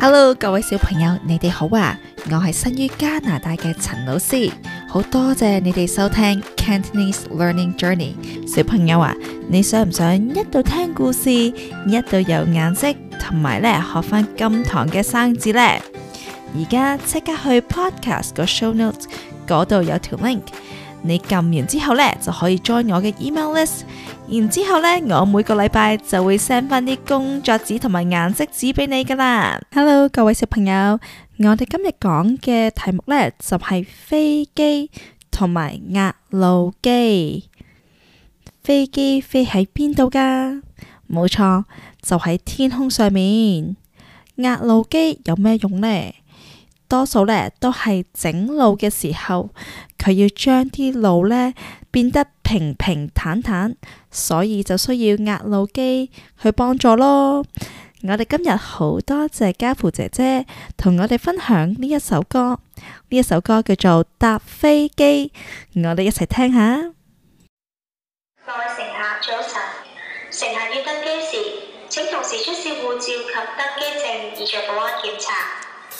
Hello，各位小朋友，你哋好啊！我係生於加拿大嘅陳老師，好多謝你哋收聽 Cantonese Learning Journey。小朋友啊，你想唔想一度聽故事，一度有顏色，同埋咧學翻咁堂嘅生字呢？而家即刻去 Podcast 個 Show Notes，嗰度有條 link，你撳完之後咧就可以 join 我嘅 email list。然之後呢，我每個禮拜就會 send 翻啲工作紙同埋顏色紙俾你噶啦。Hello，各位小朋友，我哋今日講嘅題目呢，就係飛機同埋壓路機。飛機飛喺邊度噶？冇錯，就喺天空上面。壓路機有咩用呢？多數呢都係整路嘅時候，佢要將啲路呢變得平平坦坦，所以就需要壓路機去幫助咯。我哋今日好多謝家父姐姐同我哋分享呢一首歌，呢一首歌叫做《搭飛機》，我哋一齊聽下。各位乘客早晨，乘客要登機時，請同時出示護照及登機證，以作保安檢查。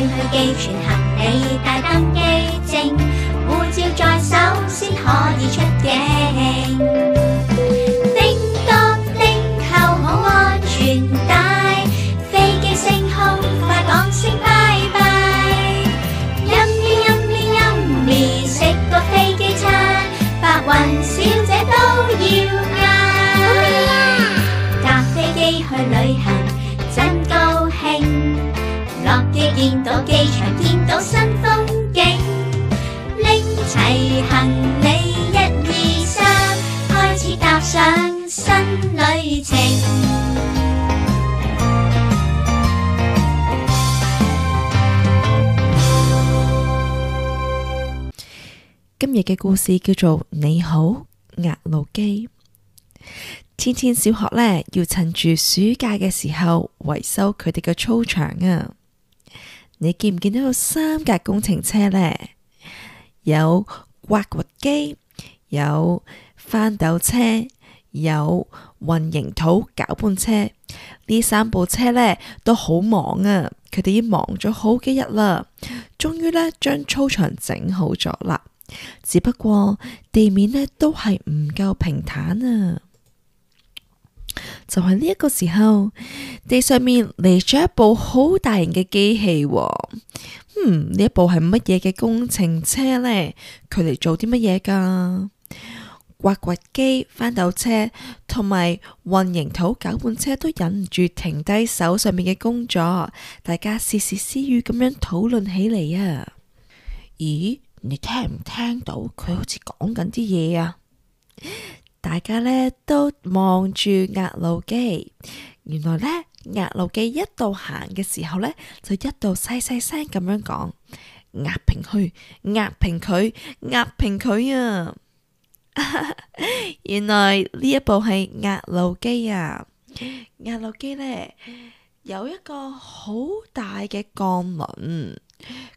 要去寄存行李，帶登機證，護照在手，先可以出境。見到機場，見到新風景，拎齊行李，一二三，開始踏上新旅程。今日嘅故事叫做你好壓路機。千千小學呢，要趁住暑假嘅時候，維修佢哋嘅操場啊！你見唔見到有三架工程車呢？有挖掘機，有翻斗車，有混凝土攪拌車。呢三部車呢都好忙啊！佢哋已經忙咗好幾日啦，終於呢將操場整好咗啦。只不過地面呢都係唔夠平坦啊。就係呢一個時候，地上面嚟咗一部好大型嘅機器哦。嗯，呢一部係乜嘢嘅工程車呢？佢嚟做啲乜嘢噶？挖掘機、翻斗車同埋混凝土攪拌車都忍唔住停低手上面嘅工作，大家竊竊私語咁樣討論起嚟啊！咦，你聽唔聽到？佢好似講緊啲嘢啊！大家呢都望住壓路機，原來呢，壓路機一度行嘅時候呢，就一度細細聲咁樣講：壓平佢，壓平佢，壓平佢啊！ 原來呢一部係壓路機啊！壓路機呢，有一個好大嘅鋼輪，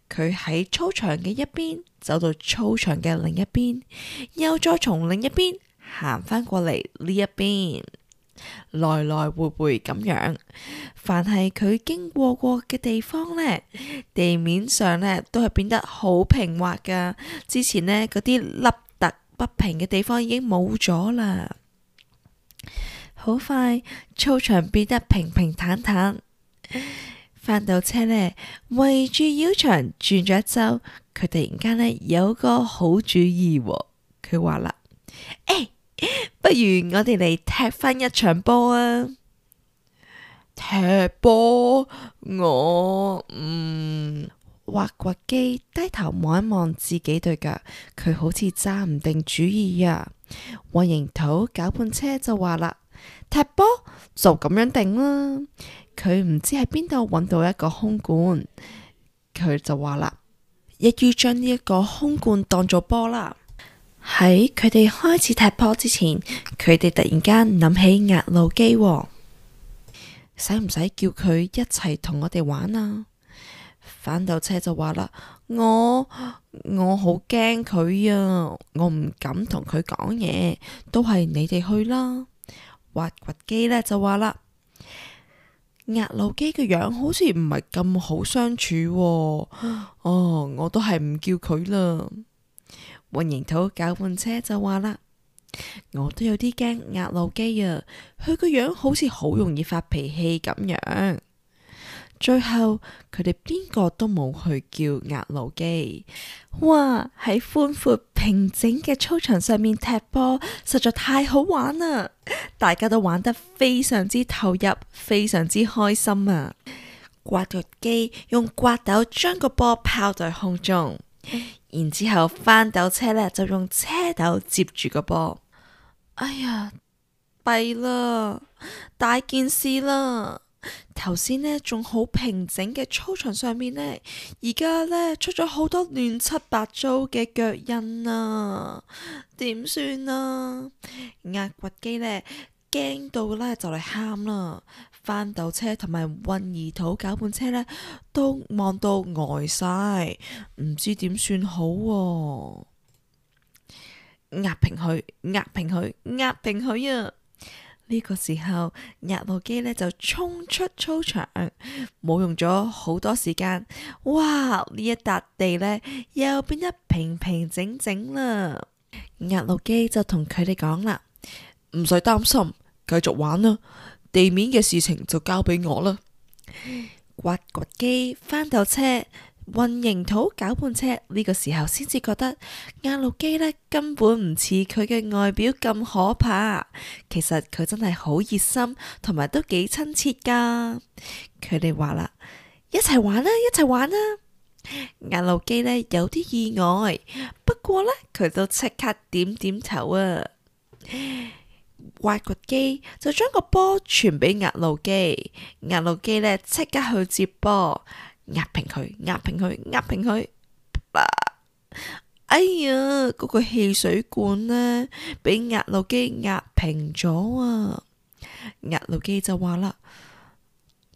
佢喺操場嘅一邊走到操場嘅另一邊，又再從另一邊。行翻過嚟呢一邊，來來回回咁樣，凡係佢經過過嘅地方呢，地面上呢都係變得好平滑噶。之前呢嗰啲凹凸不平嘅地方已經冇咗啦。好快，操場變得平平坦坦。翻到車呢，圍住腰牆轉咗一周，佢突然間呢有個好主意、哦，佢話啦，誒、hey！不如我哋嚟踢翻一場波啊！踢波，我唔挖掘機低頭望一望自己對腳，佢好似揸唔定主意啊！混凝土攪拌車就話啦，踢波就咁樣定啦。佢唔知喺邊度揾到一個空罐，佢就話啦，亦要將呢一個空罐當做波啦。喺佢哋開始踢波之前，佢哋突然間諗起壓路機，哦，使唔使叫佢一齊同我哋玩啊？翻斗車就話啦，我我好驚佢啊，我唔敢同佢講嘢，都係你哋去啦。挖掘機呢就話啦，壓路機嘅樣好似唔係咁好相處，啊，哦，啊，我都係唔叫佢啦。混凝土攪拌車就話啦，我都有啲驚壓路機啊，佢個樣好似好容易發脾氣咁樣。最後佢哋邊個都冇去叫壓路機。哇，喺寬闊平整嘅操場上面踢波，實在太好玩啦！大家都玩得非常之投入，非常之開心啊！刮奪機用刮斗將個波拋在空中。然之後翻斗車呢就用車斗接住個波，哎呀弊啦，大件事啦！頭先呢，仲好平整嘅操場上面呢，而家呢，出咗好多亂七八糟嘅腳印啊！點算啊？挖掘機呢，驚到呢，就嚟喊啦！翻斗車同埋混凝土攪拌車呢，都望到呆晒，唔知點算好？壓平佢，壓平佢，壓平佢啊！呢個時候，壓路機呢就衝出操場，冇用咗好多時間。哇！呢一笪地呢，又變得平平整整啦。壓路機就同佢哋講啦：唔使擔心，繼續玩啦。地面嘅事情就交俾我啦。挖掘機、翻斗車、混凝土攪拌車呢，呢個時候先至覺得壓路機呢根本唔似佢嘅外表咁可怕，其實佢真係好熱心同埋都幾親切噶。佢哋話啦，一齊玩啦，一齊玩啦。壓路機呢有啲意外，不過呢，佢都即刻點點頭啊。挖掘機就將個波傳俾壓路機，壓路機呢，即刻去接波，壓平佢，壓平佢，壓平佢，啊、哎呀，嗰個汽水管呢，俾壓路機壓平咗啊！壓路機就話啦，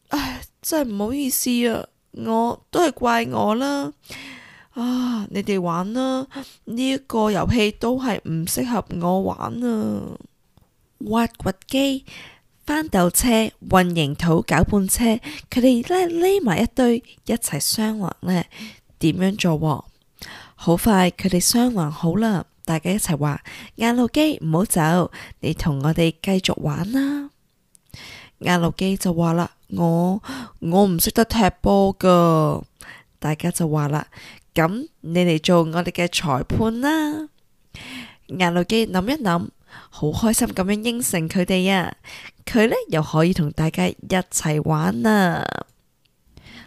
唉，真係唔好意思啊，我都係怪我啦。啊，你哋玩啦，呢一個遊戲都係唔適合我玩啊。挖掘機、翻斗車、混凝土攪拌車，佢哋咧匿埋一堆，一齊商量咧點樣做。好快，佢哋商量好啦，大家一齊話：壓路機唔好走，你同我哋繼續玩啦。壓路機就話啦：我我唔識得踢波㗎。大家就話啦：咁你嚟做我哋嘅裁判啦。壓路機諗一諗。好開心咁樣應承佢哋啊！佢呢又可以同大家一齊玩啦！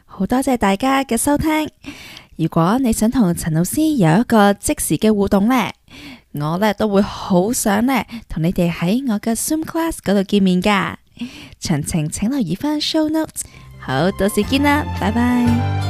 好多謝大家嘅收聽。如果你想同陳老師有一個即時嘅互動呢，我呢都會好想呢同你哋喺我嘅 Zoom Class 嗰度見面噶。詳情請留意返 Show Notes。好，到時見啦，拜拜。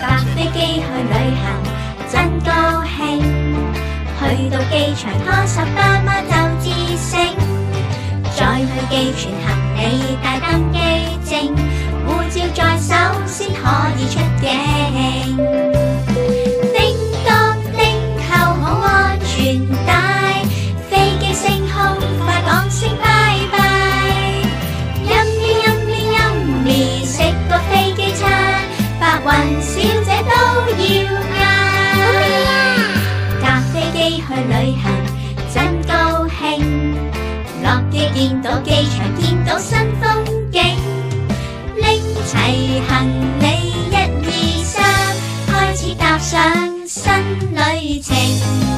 搭飛機去旅行，真高興。去到機場，拖十八蚊就知醒。再去寄存行李，帶登機證、護照在手，先可以出境。見到機場，見到新風景，拎齊行李，一、二、三，開始踏上新旅程。